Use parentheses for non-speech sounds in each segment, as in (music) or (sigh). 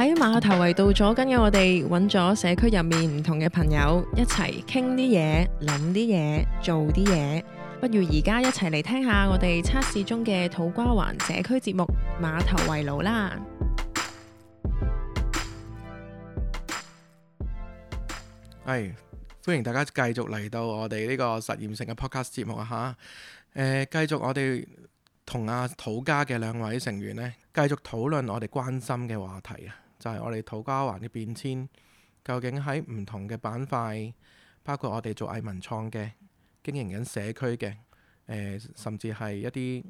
喺馬頭圍道咗，今日我哋揾咗社區入面唔同嘅朋友一齊傾啲嘢、諗啲嘢、做啲嘢。不如而家一齊嚟聽下我哋測試中嘅土瓜灣社區節目《馬頭圍爐》啦。係，歡迎大家繼續嚟到我哋呢個實驗性嘅 podcast 節目啊吓。誒、呃，繼續我哋同阿土家嘅兩位成員呢，繼續討論我哋關心嘅話題啊！就係我哋土瓜灣嘅變遷，究竟喺唔同嘅板塊，包括我哋做藝文創嘅，經營緊社區嘅，誒、呃，甚至係一啲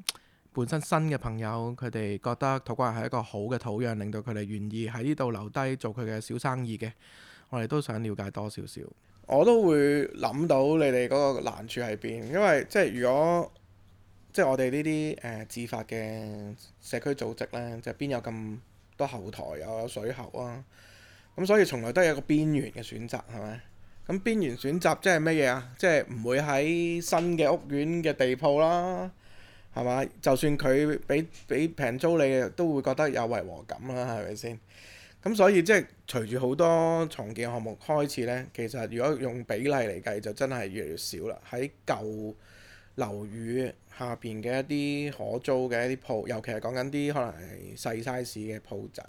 本身新嘅朋友，佢哋覺得土瓜灣係一個好嘅土壤，令到佢哋願意喺呢度留低做佢嘅小生意嘅，我哋都想了解多少少。我都會諗到你哋嗰個難處喺邊，因為即係如果即係、就是、我哋呢啲誒自發嘅社區組織呢，就邊、是、有咁？個後台又、啊、有水喉啊，咁所以從來都係一個邊緣嘅選擇，係咪？咁邊緣選擇即係乜嘢啊？即係唔會喺新嘅屋苑嘅地鋪啦，係嘛？就算佢俾俾平租你，都會覺得有違和感啦、啊，係咪先？咁所以即係隨住好多重建項目開始呢，其實如果用比例嚟計，就真係越嚟越少啦。喺舊樓宇下邊嘅一啲可租嘅一啲鋪，尤其係講緊啲可能係細 size 嘅鋪仔，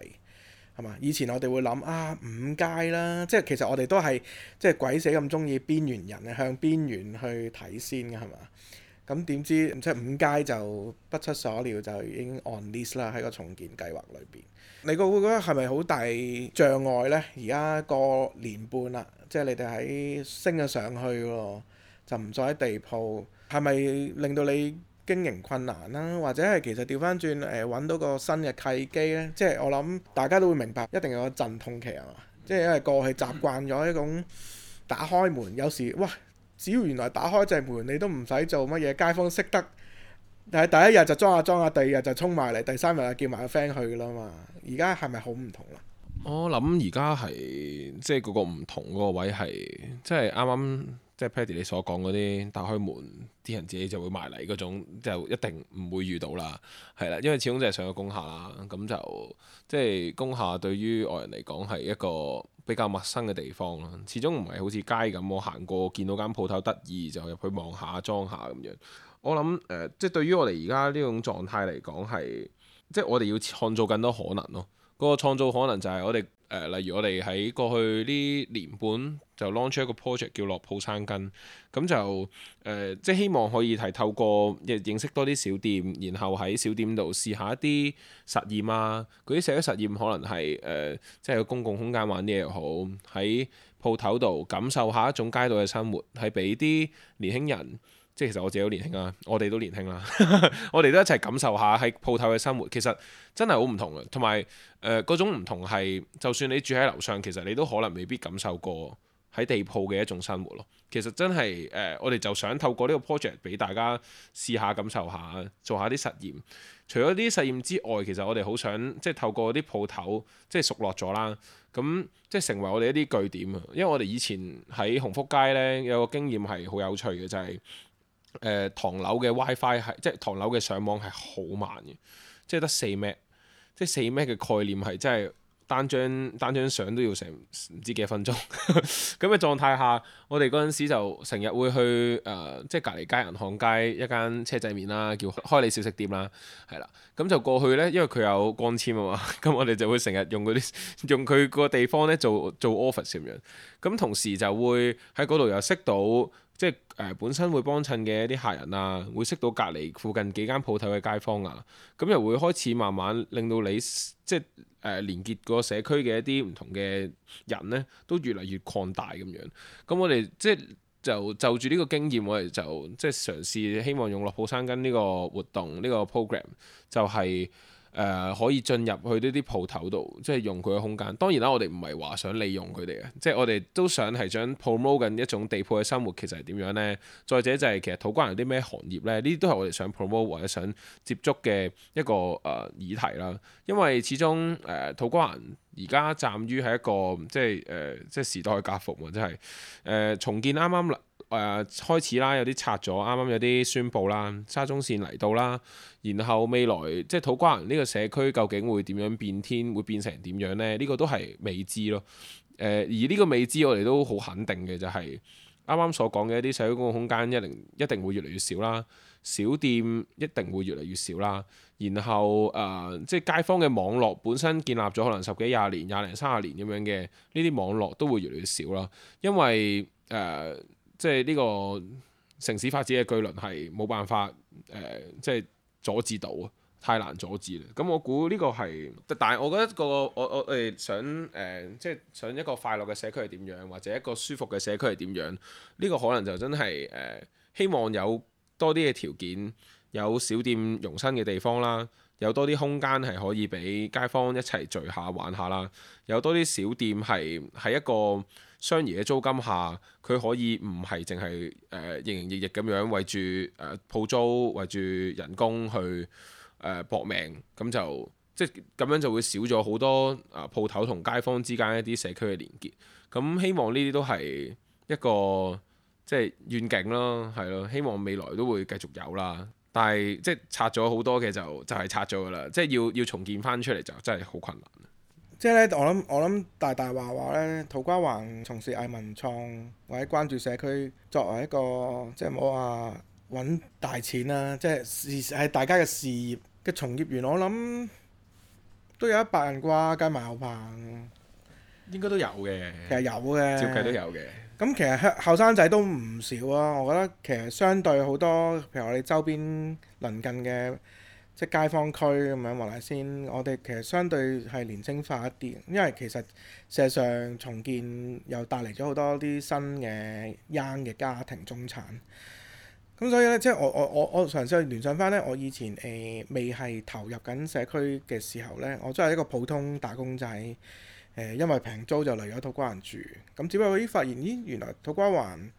係嘛？以前我哋會諗啊五街啦，即係其實我哋都係即係鬼死咁中意邊緣人啊，向邊緣去睇先㗎，係嘛？咁點知即係五街就不出所料就已經 on list 啦，喺個重建計劃裏邊，你覺唔覺得係咪好大障礙呢？而家個年半啦，即係你哋喺升咗上去喎，就唔再喺地鋪。係咪令到你經營困難啦、啊？或者係其實調翻轉誒，揾到個新嘅契機呢、啊？即係我諗大家都會明白，一定有個陣痛期啊嘛！即係因為過去係習慣咗一種打開門，嗯、有時哇，只要原來打開隻門，你都唔使做乜嘢，街坊識得。但係第一日就裝下裝下，第二日就衝埋嚟，第三日就叫埋個 friend 去㗎啦嘛。而家係咪好唔同啦？我諗而家係即係嗰個唔同嗰個位係即係啱啱。就是剛剛即係 Paddy 你所講嗰啲打開門，啲人自己就會埋嚟嗰種，就一定唔會遇到啦，係啦，因為始終就係上咗工廈啦，咁就即係工廈對於外人嚟講係一個比較陌生嘅地方咯。始終唔係好似街咁，我行過見到間鋪頭得意就入去望下裝下咁樣。我諗誒、呃，即係對於我哋而家呢種狀態嚟講係，即係我哋要創造更多可能咯。嗰、那個創造可能就係我哋。誒，例如我哋喺過去呢年半就 launch 一個 project 叫落鋪生根，咁就誒、呃，即係希望可以係透過認識多啲小店，然後喺小店度試下一啲實驗啊，嗰啲社區實驗可能係誒、呃，即係個公共空間玩嘢又好，喺鋪頭度感受下一種街道嘅生活，係俾啲年輕人。即係其實我自己好年輕啊，我哋都年輕啦， (laughs) 我哋都一齊感受下喺鋪頭嘅生活，其實真係好唔同啊。呃、同埋誒嗰種唔同係，就算你住喺樓上，其實你都可能未必感受過喺地鋪嘅一種生活咯。其實真係誒、呃，我哋就想透過呢個 project 俾大家試下感受下，做下啲實驗。除咗啲實驗之外，其實我哋好想即係透過啲鋪頭，即係熟落咗啦，咁即係成為我哋一啲據點啊。因為我哋以前喺鴻福街呢，有個經驗係好有趣嘅，就係、係。誒、呃、唐樓嘅 WiFi 係即係唐樓嘅上網係好慢嘅，即係得四 M 即係四 M 嘅概念係真係單張單張相都要成唔知幾多分鐘咁嘅狀態下，我哋嗰陣時就成日會去誒、呃、即係隔離街、銀行街一間車仔麵啦，叫開利小食店啦，係啦，咁就過去呢，因為佢有光纖啊嘛，咁我哋就會成日用嗰啲用佢個地方呢做做 office 咁樣，咁同時就會喺嗰度又識到。即係誒、呃、本身會幫襯嘅一啲客人啊，會識到隔離附近幾間鋪頭嘅街坊啊，咁又會開始慢慢令到你即係誒、呃、連結個社區嘅一啲唔同嘅人咧，都越嚟越擴大咁樣。咁我哋即係就就住呢個經驗我，我哋就即係嘗試希望用落舖生根呢個活動呢、呢個 programme，就係、係。誒、呃、可以進入去呢啲鋪頭度，即係用佢嘅空間。當然啦，我哋唔係話想利用佢哋嘅，即係我哋都想係想 promote 緊一種地鋪嘅生活，其實係點樣呢？再者就係其實土瓜灣有啲咩行業呢？呢啲都係我哋想 promote 或者想接觸嘅一個誒議題啦。因為始終誒、呃、土瓜灣而家站於係一個即係誒、呃、即係時代嘅夾縫喎，即係誒、呃、重建啱啱啦。誒、呃、開始啦，有啲拆咗，啱啱有啲宣佈啦，沙中線嚟到啦，然後未來即係土瓜灣呢個社區究竟會點樣變天，會變成點樣呢？呢、呢個都係未知咯。呃、而呢個未知，我哋都好肯定嘅就係啱啱所講嘅一啲社區公共空間一定一定會越嚟越少啦，小店一定會越嚟越少啦。然後誒、呃，即係街坊嘅網絡本身建立咗可能十幾廿年、廿零三十年咁樣嘅呢啲網絡都會越嚟越少啦，因為誒、呃即係呢個城市發展嘅巨輪係冇辦法誒、呃，即係阻止到啊，太難阻止啦。咁我估呢個係，但係我覺得個我我哋想誒、呃，即係想一個快樂嘅社區係點樣，或者一個舒服嘅社區係點樣？呢、這個可能就真係誒、呃，希望有多啲嘅條件，有小店容身嘅地方啦，有多啲空間係可以俾街坊一齊聚下玩下啦，有多啲小店係喺一個，相宜嘅租金下，佢可以唔係淨係誒營營役役咁樣為住誒鋪租、為住人工去誒搏、呃、命，咁就即係咁樣就會少咗好多啊鋪頭同街坊之間一啲社區嘅連結。咁希望呢啲都係一個即係願景咯，係咯。希望未來都會繼續有啦。但係即係拆咗好多嘅就就係、是、拆咗噶啦，即係要要重建翻出嚟就真係好困難。即係咧，我諗我諗大大話話咧，土瓜灣從事藝文創或者關注社區，作為一個即係冇話揾大錢啦、啊，即係事係大家嘅事業嘅從業員，我諗都有一百人啩，加埋牛棚，應該都有嘅，其實有嘅，照計都有嘅。咁其實後生仔都唔少啊！我覺得其實相對好多，譬如我哋周邊鄰近嘅。即係街坊區咁樣，黃大仙我哋其實相對係年青化一啲，因為其實事實上重建又帶嚟咗好多啲新嘅 young 嘅家庭中產。咁所以咧，即係我我我我嘗試聯想翻咧，我以前誒、呃、未係投入緊社區嘅時候咧，我都係一個普通打工仔。誒、呃，因為平租就嚟咗土瓜灣住，咁只不過依發現，咦，原來土瓜灣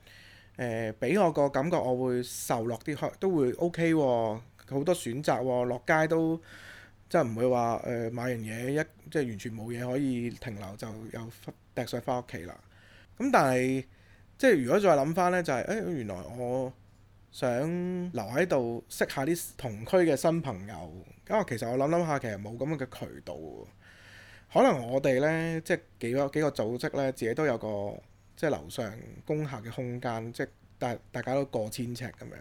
誒俾我個感覺，我會受落啲，都都會 OK 喎。好多選擇喎，落街都即係唔會話誒、呃、買完嘢一即係完全冇嘢可以停留就又揼曬翻屋企啦。咁但係即係如果再諗翻呢，就係、是、誒、哎、原來我想留喺度識一下啲同區嘅新朋友。咁啊，其實我諗諗下，其實冇咁嘅渠道喎。可能我哋呢，即係幾個幾個組織呢，自己都有個即係樓上、供客嘅空間，即係大大家都過千尺咁樣。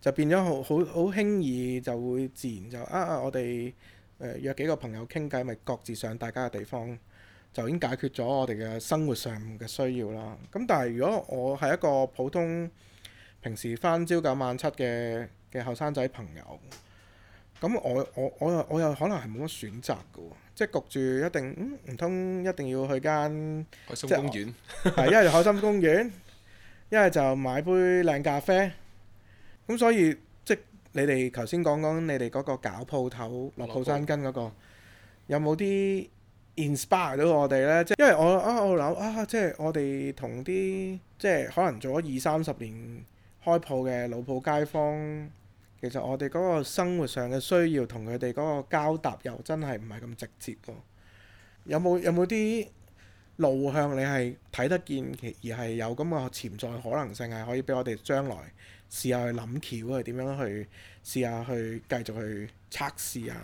就變咗好好好輕易就會自然就啊！我哋誒、呃、約幾個朋友傾偈，咪各自上大家嘅地方，就已經解決咗我哋嘅生活上嘅需要啦。咁但係如果我係一個普通平時返朝九晚七嘅嘅後生仔朋友，咁我我我又我又可能係冇乜選擇㗎喎，即係焗住一定唔通、嗯、一定要去間海心公園，係一係就海心公園，一係就買杯靚咖啡。咁、嗯、所以即你哋頭先講講你哋嗰個搞鋪頭落鋪生根嗰、嗰個，落鋪，有冇啲 inspire 到我哋呢？即係因為我啊，我諗啊，即係我哋同啲即係可能做咗二三十年開鋪嘅老鋪街坊，其實我哋嗰個生活上嘅需要同佢哋嗰個交搭又真係唔係咁直接喎。有冇有冇啲路向你係睇得見其而係有咁嘅潛在可能性係可以俾我哋將來？試下去諗橋啊，點樣去試下去繼續去測試啊？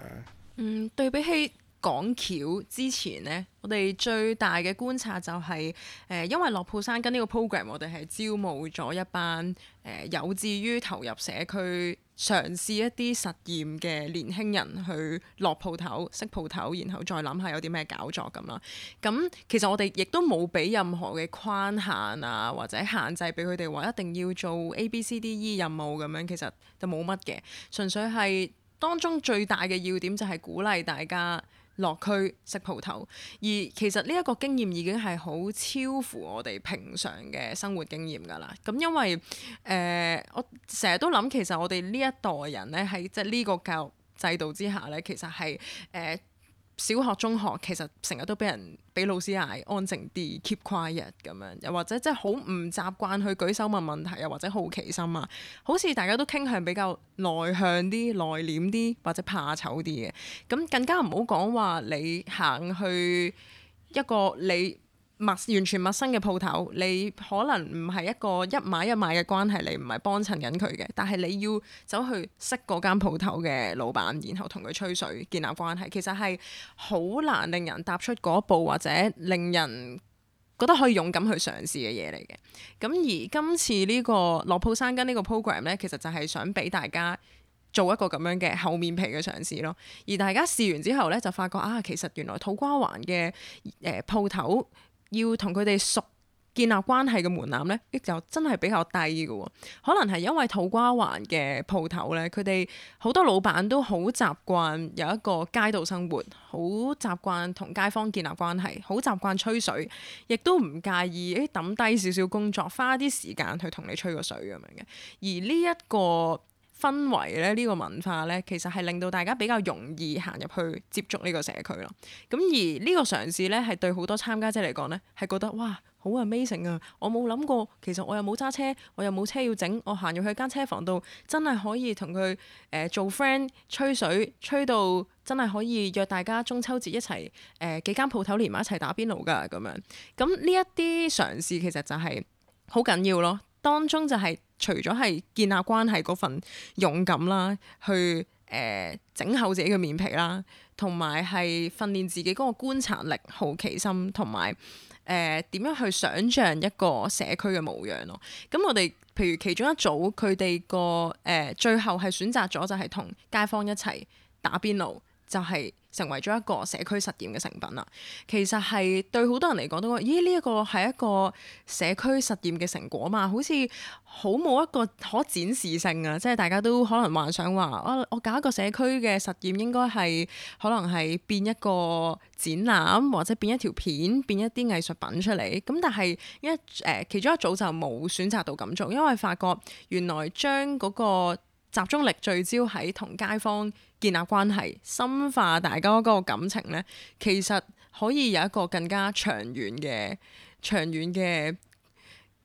嗯，對比起港橋之前呢，我哋最大嘅觀察就係、是、誒、呃，因為樂富山跟呢個 program，我哋係招募咗一班誒、呃、有志於投入社區。嘗試一啲實驗嘅年輕人去落鋪頭識鋪頭，然後再諗下有啲咩搞作咁啦。咁其實我哋亦都冇俾任何嘅框限啊，或者限制俾佢哋話一定要做 A、B、C、D、E 任務咁樣，其實就冇乜嘅，純粹係當中最大嘅要點就係鼓勵大家。落區食鋪頭，而其實呢一個經驗已經係好超乎我哋平常嘅生活經驗㗎啦。咁因為誒、呃，我成日都諗，其實我哋呢一代人咧，喺即係呢個教育制度之下咧，其實係誒。呃小學、中學其實成日都俾人俾老師嗌安靜啲、keep quiet 咁樣，又或者即係好唔習慣去舉手問問題，又或者好奇心啊，好似大家都傾向比較內向啲、內斂啲或者怕醜啲嘅，咁更加唔好講話你行去一個你。陌完全陌生嘅鋪頭，你可能唔係一個一買一賣嘅關係，你唔係幫襯緊佢嘅，但係你要走去識嗰間鋪頭嘅老闆，然後同佢吹水建立關係，其實係好難令人踏出嗰步，或者令人覺得可以勇敢去嘗試嘅嘢嚟嘅。咁而今次呢個落鋪生根呢個 program 呢，其實就係想俾大家做一個咁樣嘅厚面皮嘅嘗試咯。而大家試完之後呢，就發覺啊，其實原來土瓜灣嘅誒鋪頭。呃要同佢哋熟建立關係嘅門檻呢，亦就真係比較低嘅。可能係因為土瓜灣嘅鋪頭呢，佢哋好多老闆都好習慣有一個街道生活，好習慣同街坊建立關係，好習慣吹水，亦都唔介意誒抌低少少工作，花啲時間去同你吹個水咁樣嘅。而呢、這、一個氛圍咧，呢個文化呢，其實係令到大家比較容易行入去接觸呢個社區咯。咁而呢個嘗試呢，係對好多參加者嚟講呢，係覺得哇，好 amazing 啊！我冇諗過，其實我又冇揸車，我又冇車要整，我行入去間車房度，真係可以同佢誒做 friend 吹水，吹到真係可以約大家中秋節一齊誒、呃、幾間鋪頭連埋一齊打邊爐㗎咁樣。咁呢一啲嘗試其實就係好緊要咯，當中就係、是。除咗係建立關係嗰份勇敢啦，去誒、呃、整厚自己嘅面皮啦，同埋係訓練自己嗰個觀察力、好奇心同埋誒點樣去想像一個社區嘅模樣咯。咁我哋譬如其中一組佢哋個誒最後係選擇咗就係同街坊一齊打邊爐，就係、是。成為咗一個社區實驗嘅成品啦，其實係對好多人嚟講，都咦呢一個係一個社區實驗嘅成果嘛，好似好冇一個可展示性啊！即係大家都可能幻想話，我我搞一個社區嘅實驗應該係可能係變一個展覽或者變一條片、變一啲藝術品出嚟。咁但係一誒、呃、其中一組就冇選擇到咁做，因為發覺原來將嗰個集中力聚焦喺同街坊建立關係，深化大家嗰個感情咧，其實可以有一個更加長遠嘅、長遠嘅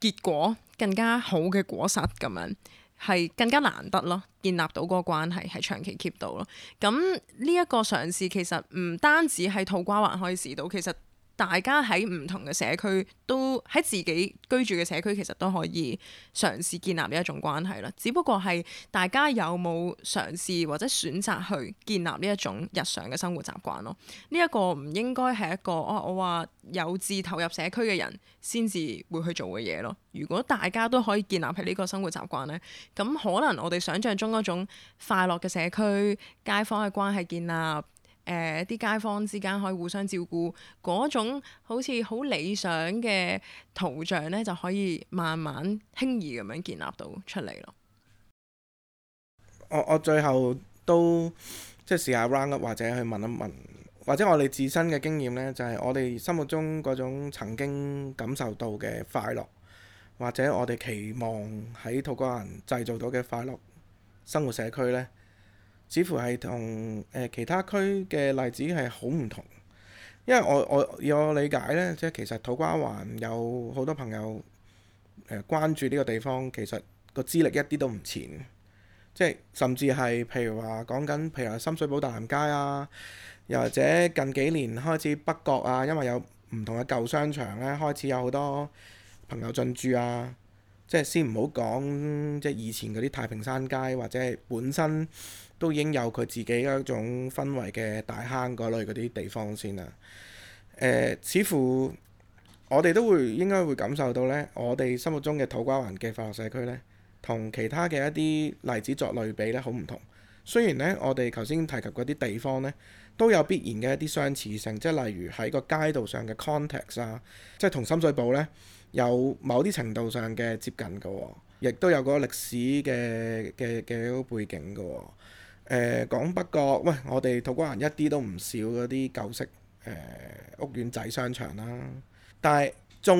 結果，更加好嘅果實，咁樣，係更加難得咯。建立到嗰個關係係長期 keep 到咯。咁呢一個嘗試其實唔單止係土瓜灣可以試到，其實。大家喺唔同嘅社區，都喺自己居住嘅社區，其實都可以嘗試建立呢一種關係啦。只不過係大家有冇嘗試或者選擇去建立呢一種日常嘅生活習慣咯？呢一個唔應該係一個，我我話有志投入社區嘅人先至會去做嘅嘢咯。如果大家都可以建立喺呢個生活習慣咧，咁可能我哋想象中嗰種快樂嘅社區、街坊嘅關係建立。誒啲、呃、街坊之間可以互相照顧，嗰種好似好理想嘅圖像呢，就可以慢慢輕易咁樣建立到出嚟咯。我我最後都即係試下 round up，或者去問一問，或者我哋自身嘅經驗呢，就係、是、我哋心目中嗰種曾經感受到嘅快樂，或者我哋期望喺土瓜人製造到嘅快樂生活社區呢。似乎係同誒其他區嘅例子係好唔同，因為我我以我理解呢。即係其實土瓜灣有好多朋友誒、呃、關注呢個地方，其實個資歷一啲都唔淺，即係甚至係譬如話講緊，譬如話深水埗大南街啊，又或者近幾年開始北角啊，因為有唔同嘅舊商場咧、啊，開始有好多朋友進駐啊。即係先唔好講，即係以前嗰啲太平山街或者係本身都已經有佢自己一種氛圍嘅大坑嗰類嗰啲地方先啦、呃。似乎我哋都會應該會感受到呢，我哋心目中嘅土瓜灣嘅快樂社區呢，同其他嘅一啲例子作類比呢，好唔同。雖然呢，我哋頭先提及嗰啲地方呢，都有必然嘅一啲相似性，即係例如喺個街道上嘅 context 啊，即係同深水埗呢。有某啲程度上嘅接近嘅、哦，亦都有個歷史嘅嘅嘅背景嘅、哦。誒、呃，講北角喂，我哋土瓜灣一啲都唔少嗰啲舊式誒、呃、屋苑仔、商場啦。但係縱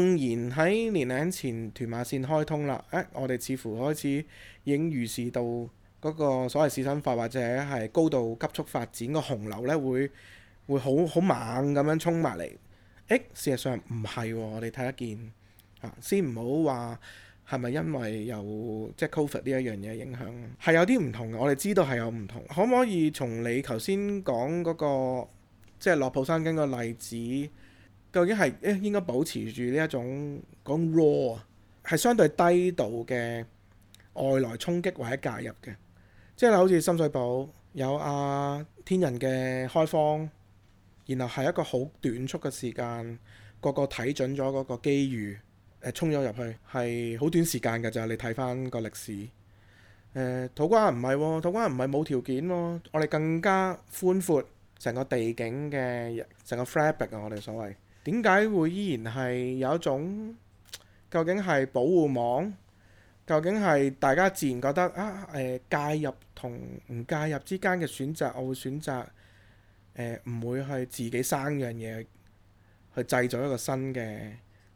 然喺年零前屯馬線開通啦，誒，我哋似乎開始已經預示到嗰個所謂仕紳化或者係高度急速發展嘅洪流呢，會會好好猛咁樣衝埋嚟。誒，事實上唔係喎，我哋睇得見。先唔好話係咪因為有即係、就是、Covid 呢一樣嘢影響，係有啲唔同嘅。我哋知道係有唔同，可唔可以從你頭先講嗰個即係落舖生根個例子，究竟係誒應該保持住呢一種講 raw 啊，係相對低度嘅外來衝擊或者介入嘅，即係好似深水埗有阿、啊、天人嘅開荒，然後係一個好短促嘅時間，個個睇準咗嗰個機遇。誒衝咗入去係好短時間㗎啫，你睇翻個歷史。誒土瓜灣唔係，土瓜灣唔係冇條件喎、哦。我哋更加寬闊成個地景嘅，成個 fabric 啊，我哋所謂點解會依然係有一種？究竟係保護網？究竟係大家自然覺得啊？誒、呃、介入同唔介入之間嘅選擇，我會選擇誒唔、呃、會去自己生樣嘢去製造一個新嘅。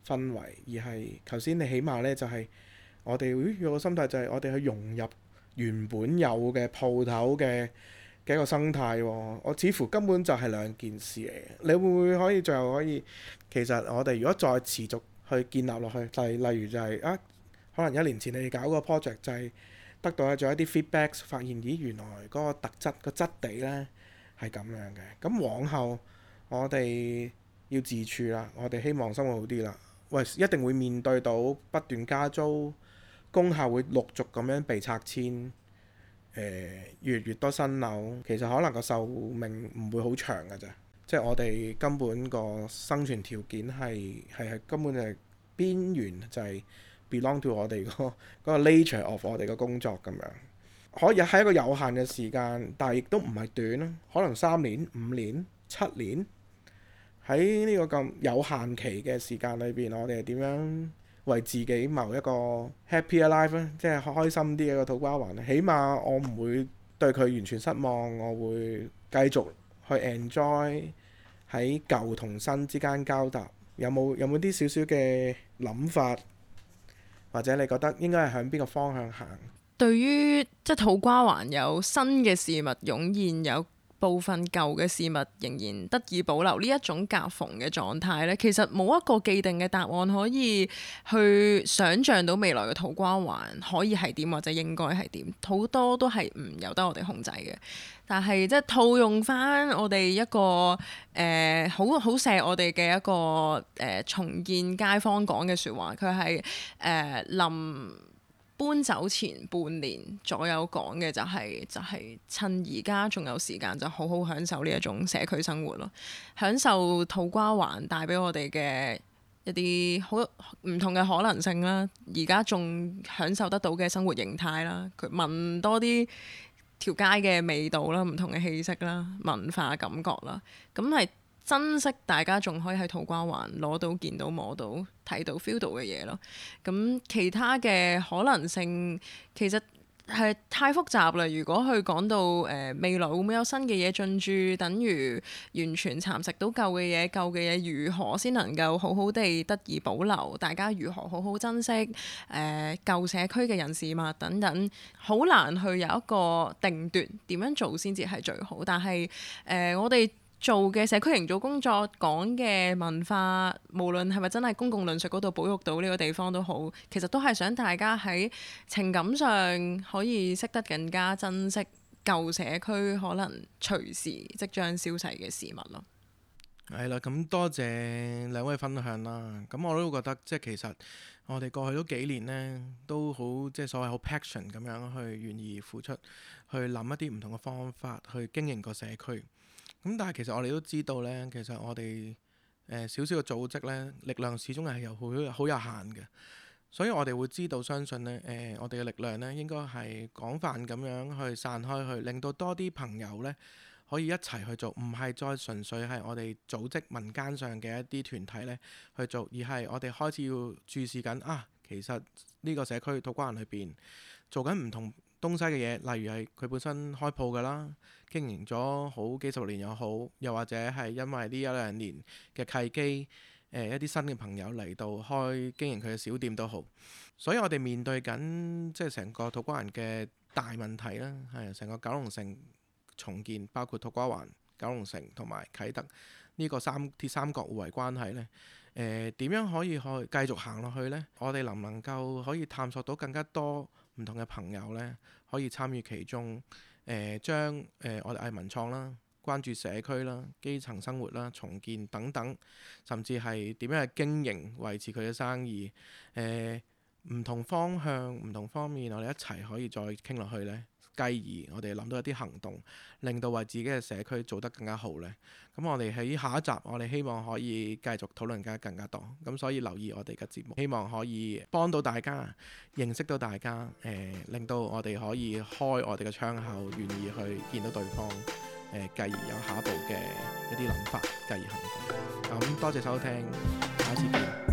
氛圍，而係頭先你起碼咧就係我哋，咦有個心態就係我哋去融入原本有嘅鋪頭嘅嘅一個生態喎。我似乎根本就係兩件事嚟嘅。你會唔會可以最後可以其實我哋如果再持續去建立落去，例例如就係啊，可能一年前你哋搞個 project 就係得到咗一啲 feedback，發現咦原來嗰個特質個質地咧係咁樣嘅。咁往後我哋要自處啦，我哋希望生活好啲啦。喂，一定會面對到不斷加租，工廈會陸續咁樣被拆遷，誒、呃、越越多新樓，其實可能個壽命唔會好長㗎咋，即係我哋根本個生存條件係係係根本就係邊緣，就係 belong to 我哋，嗰個 nature of 我哋嘅工作咁樣，可以係一個有限嘅時間，但係亦都唔係短咯，可能三年、五年、七年。喺呢個咁有限期嘅時間裏邊，我哋係點樣為自己謀一個 happy alive 呢？即係開心啲嘅、嗰個土瓜灣。起碼我唔會對佢完全失望，我會繼續去 enjoy 喺舊同新之間交搭。有冇，有冇啲少少嘅諗法，或者你覺得應該係向邊個方向行？對於即係土瓜灣有新嘅事物湧現有。部分舊嘅事物仍然得以保留，呢一種夾縫嘅狀態呢，其實冇一個既定嘅答案，可以去想像到未來嘅土瓜灣可以係點，或者應該係點，好多都係唔由得我哋控制嘅。但係即係套用翻我哋一個誒好好錫我哋嘅一個誒、呃、重建街坊講嘅説話，佢係誒林。搬走前半年左右講嘅就係就係趁而家仲有時間，就好好享受呢一種社區生活咯，享受土瓜灣帶俾我哋嘅一啲好唔同嘅可能性啦，而家仲享受得到嘅生活形態啦，佢聞多啲條街嘅味道啦，唔同嘅氣息啦，文化感覺啦，咁係。珍惜大家仲可以喺土瓜灣攞到、見到、摸到、睇到、feel 到嘅嘢咯。咁其他嘅可能性其實係太複雜啦。如果去講到誒、呃、未來會唔會有新嘅嘢進駐，等於完全蠶食到舊嘅嘢，舊嘅嘢如何先能夠好好地得以保留？大家如何好好珍惜誒、呃、舊社區嘅人事物等等，好難去有一個定奪點樣做先至係最好。但係誒、呃、我哋做嘅社區營造工作，講嘅文化，無論係咪真係公共論述嗰度保育到呢個地方都好，其實都係想大家喺情感上可以識得更加珍惜舊社區可能隨時即將消逝嘅事物咯。係啦，咁多謝兩位分享啦。咁我都覺得即係其實我哋過去都幾年呢，都好即係所謂好 passion 咁樣去願意付出，去諗一啲唔同嘅方法去經營個社區。咁但係其實我哋都知道呢，其實我哋誒少少嘅組織呢，力量始終係有好好有限嘅，所以我哋會知道相信呢，誒、呃、我哋嘅力量呢，應該係廣泛咁樣去散開去，令到多啲朋友呢可以一齊去做，唔係再純粹係我哋組織民間上嘅一啲團體呢去做，而係我哋開始要注視緊啊，其實呢個社區土瓜灣裏邊做緊唔同東西嘅嘢，例如係佢本身開鋪㗎啦。經營咗好幾十年又好，又或者係因為呢一兩年嘅契機，誒、呃、一啲新嘅朋友嚟到開經營佢嘅小店都好，所以我哋面對緊即係成個土瓜灣嘅大問題啦，係成個九龍城重建，包括土瓜灣、九龍城同埋啟德呢、呢個三鐵三角互為關係呢，誒、呃、點樣可以去繼續行落去呢？我哋能唔能夠可以探索到更加多唔同嘅朋友呢？可以參與其中？誒、呃、將誒、呃、我哋係文創啦，關注社區啦、基層生活啦、重建等等，甚至係點樣去經營維持佢嘅生意，誒、呃、唔同方向、唔同方面，我哋一齊可以再傾落去咧。繼而，我哋諗到一啲行動，令到為自己嘅社區做得更加好呢。咁我哋喺下一集，我哋希望可以繼續討論更加更加多。咁所以留意我哋嘅節目，希望可以幫到大家，認識到大家，誒、呃，令到我哋可以開我哋嘅窗口，願意去見到對方，誒、呃，繼而有下一步嘅一啲諗法，繼而行動。咁、嗯、多謝收聽，下一次見。